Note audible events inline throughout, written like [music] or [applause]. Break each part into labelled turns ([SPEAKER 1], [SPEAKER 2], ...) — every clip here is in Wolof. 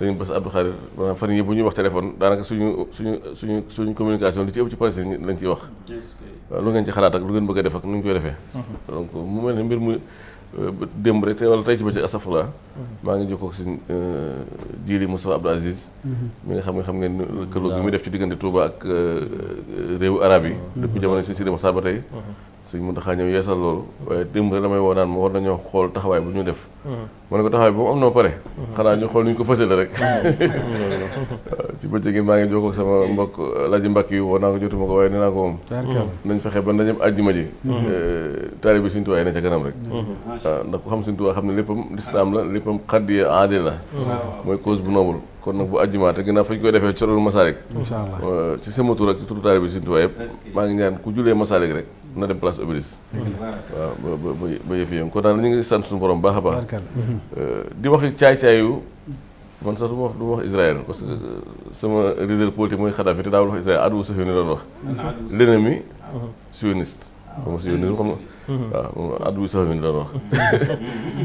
[SPEAKER 1] sëñ Bass Abdou Khadir yii bu ñuy wax téléphone daanaka suñu suñu suñu suñu communication li ci ëpp ci Palestine lañ ciy wax. waaw lu ngeen ci xalaat ak lu ngeen bëgg a def ak nu ñu koy defee. Mhm. donc mu mel ne mbir mu euh, démb rek te wala tey ci bëccëg asafura. Mhm. maa ngi jokkoo ak suñu euh, jiili Moussa Abdou Aziz. mu mhm. nga xam ne xam ngeen ne lëkkaloo gi muy def ci diggante Touba ak euh, réewu arab yi. depuis jamono si si dem sax ba tey. suñ mun taxaa ñëw yeesal loolu waaye démb rek damay woo naan ma war nañoo xool taxawaay bu ñu def ma ne ko taxawaay boobu am noo pare xanaa ñu xool nu ñu ko fësale rek mm. [laughs] ci bëccëg gi maa ngi jokkoo sama mbokk laji mbàkk yi woo naa ko jotuma ko waaye ko moom mm. nañ fexe ba ndajem àjjuma ji mm. eh, taalibe Sëñ Tuubaa yi ne ca kanam rek waaw ah, ndax ku xam Sëñ Tuubaa xam ne léppam lislaam la léppam xaddiye aadi la mooy cause bu noble kon nag bu àjjumaa te ginnaaw fa ñu koy defee ci loolu Masaalik uh, ci sama tur ak ci turu taalibe Sëñ Tuubaa yëpp maa ngi ñaan ku julee Masaalik rek na dem place Obélisque. waaw ba ba ba yëf yi ñu ngi sant suñu borom baax a baax. Euh, di wax caay-caayu man sax du du wax Israël parce que sama leader politique mooy Kadhafi te daawul wax Israël aduwu sa fi ni doon wax. l'ennemi sioniste. Ah. moom si [laughs]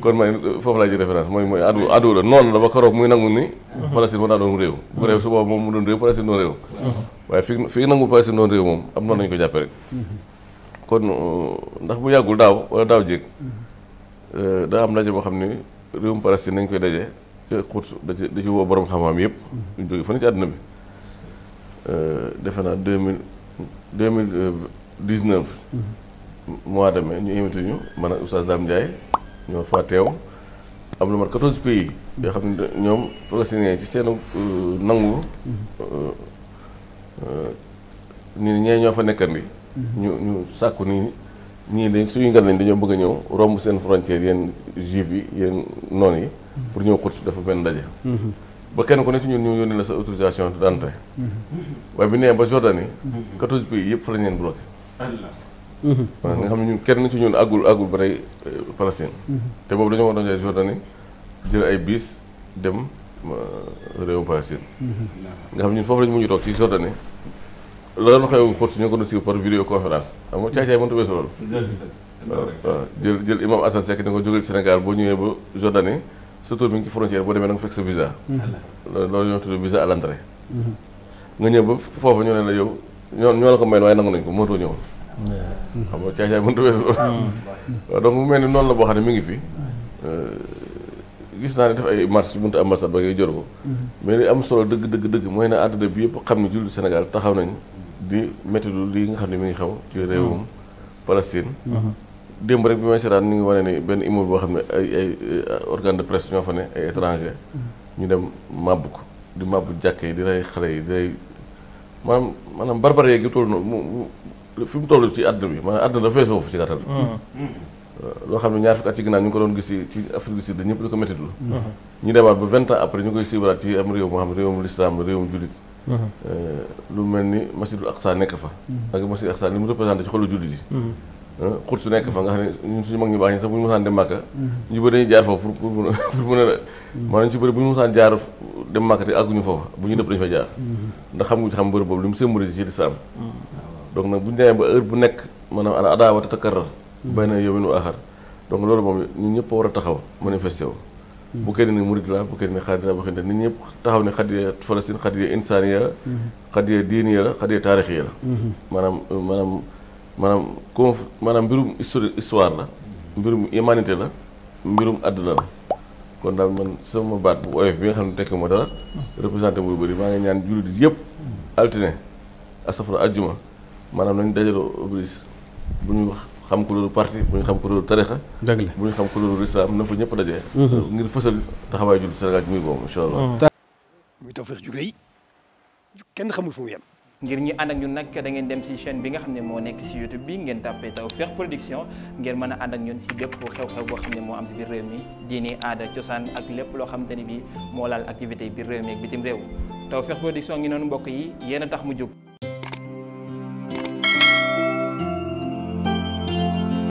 [SPEAKER 1] kon man foofu laa ji référence mooy mooy addu la noonu la ba karoog muy nangu ni uh-huh. mu doon réew Palestine doon réew uh-huh. fi fi nangu Palestine doon réew moom am noonu lañu ko jàppe rek uh-huh. kon uh, ndax bu yàggul daaw wala daaw jéeg mm-hmm. uh, daa am ndaje boo xam ni réewum Palestine nañ koy daje ci xut da ci da ci woo borom xam-xam yëpp. Mm-hmm. ñu jógee fan ci àdduna bi uh, defe naa deux mille deux mille euh, dix neuf. Mm-hmm. mois de mai ñu invité ñu man ak Oustaz Dame Ndiaye ñoo fa teew am lu mat quatorze pays yoo xam ne ñoom palestiniens ci seen nangu. ñu ñee ñoo fa nekkandi. ñu ñu sàkku nii ñii de suñu ngan lañ dañoo bëgg a ñëw romb seen frontière yéen juif yi yéen noon yi pour ñëw xut dafa benn ndaje mm-hmm. ba kenn ku ne si ñu yónnee la sa autorisation d'entrée mm-hmm. waaye bi nee ba Jordanie mm-hmm. quatorze pays yëpp fa la ñeen bloqué waaw nga xam ne ñu kenn ci ñun àggul àggul ba tey euh, Palestine te boobu dañoo war a doon Jordanie jël ay biis dem euh, réewum Palestine nga xam ne ñun foofu lañu mujj toog ci Jordanie la doon xew xot su ñoo ko doon siiw par vidéo conférence xam nga caay-caay mënut a weesu loolu waaw jël jël imam Assane Seck da nga jógeel Sénégal boo ñëwee ba Jordanie surtout bi ngi ci boo demee da nga fekk sa visa loolu ñoo tudd visa mhm. nga ñëw ba foofu ñu ne la yow ñoo ñoo la ko may waaye nangu nañ ko mënatoo ñëw xam nga caay-caay mënut a weesu loolu hmm. waaw donc mu mel ni noonu la boo xam ne mu ngi fi euh, gis naa ne def ay marche buntu ambassade ba ngay jor ko mhm. mais li am solo dëgg dëgg dëgg mooy ne àdduna bi yëpp xam ne jullit Sénégal taxaw nañ di méttilu lii nga xam ne mi ngi xew ci réewum mm-hmm. Palestine mm-hmm. démb rek bi may seetaan ñu ngi wane ni benn immeuble boo xam ne ay ay de presse ñoo fa ne ay étranger mm-hmm. ñu dem màbb ko di màbb jàkke di rey xale yi di rey maanaam maanaam barbare gi toll mu fi mu ci àdduna bi maanaam àdduna dafay soofu ci gàttal euh, loo ñu ngi ko doon gis ci Afrique du Sud di ko méttilu ñu demaat ba vingt ans après ñu koy suivraat ci am réew moo xam réewum l'islam réewum jullit Euh, lu mel ni masjidul aqsa nekk fa. Mhm. ak masjidul aqsa li mu représenté ci xolu jullit yi. xut mhm. euh, su nekk fa nga xam ne suñu mag ñu baax ñi sax bu ñu mosaan dem Màkka. Mhm. a. maanaam ci bëri bu ñu mosaan jaar dem Màkka te àgguñu foofa bu ñu dëpp dañu fa jaar. ndax xam nga xam bërëb boobu lu mu symbolise ci lislaam. donc nag bu ñu ba heure bu nekk a maanaam al adaawatu takarrar. bayna yawmin wa axar donc loolu moom ñun ñëpp war a taxaw manifesté wu. bu kenn ni murid la bu kenn ni xaadir la bu kenn nit ñëpp taxaw ne xadiya Falastin xadiya insaaniya la mhm. xadiya diiniya la xadiya taarixiya la mhm. maanaam maanaam maanaam comme maanaam mbirum la mbirum humanité la mbirum àdduna la kon daal man sama baat bu oyof bi nga xam ne tekk dara représenté muy bëri maa ngi ñaan jullit yëpp altine asafra ajjuma maanaam nañ dajaloo oblis bu ñuy wax xam ku loolu parti bu ñu xam ku loolu tarixa dëgg la bu xam ku loolu islam na fa ñëpp dajee mhm. ngir fësal taxawaay jullit Sénégal muy boobu incha allah mhm. muy Tawfekh ju rëy kenn xamul fu mu ngir ñi ànd ak ñun nag da ngeen dem ci chaîne bi nga xam ne moo nekk si YouTube bi ngeen tàppee Tawfekh Production ngeen mën a ànd ak ñun si bépp xew-xew boo xam ne moo am si biir réew mi diini aada cosaan ak lépp loo xamante ni bi moo laal activité biir réew mi ak bitim yi yéen a mu jóg